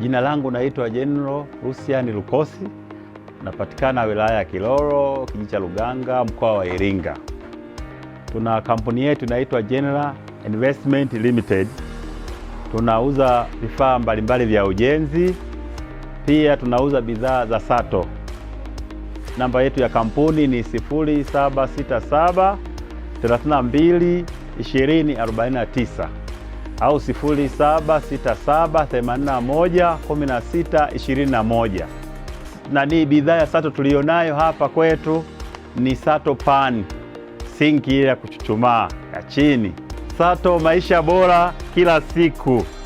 Jina langu naitwa General Lucian Lukosi, napatikana wilaya ya Kilolo, kijiji cha Luganga, mkoa wa Iringa. Tuna kampuni yetu inaitwa General Investment Limited. Tunauza vifaa mbalimbali vya ujenzi, pia tunauza bidhaa za sato. Namba yetu ya kampuni ni 0767 32 2049 au 0767811621. Na ni bidhaa ya sato tuliyonayo hapa kwetu ni sato pan sinki ile ya kuchuchumaa ya chini. Sato maisha bora kila siku.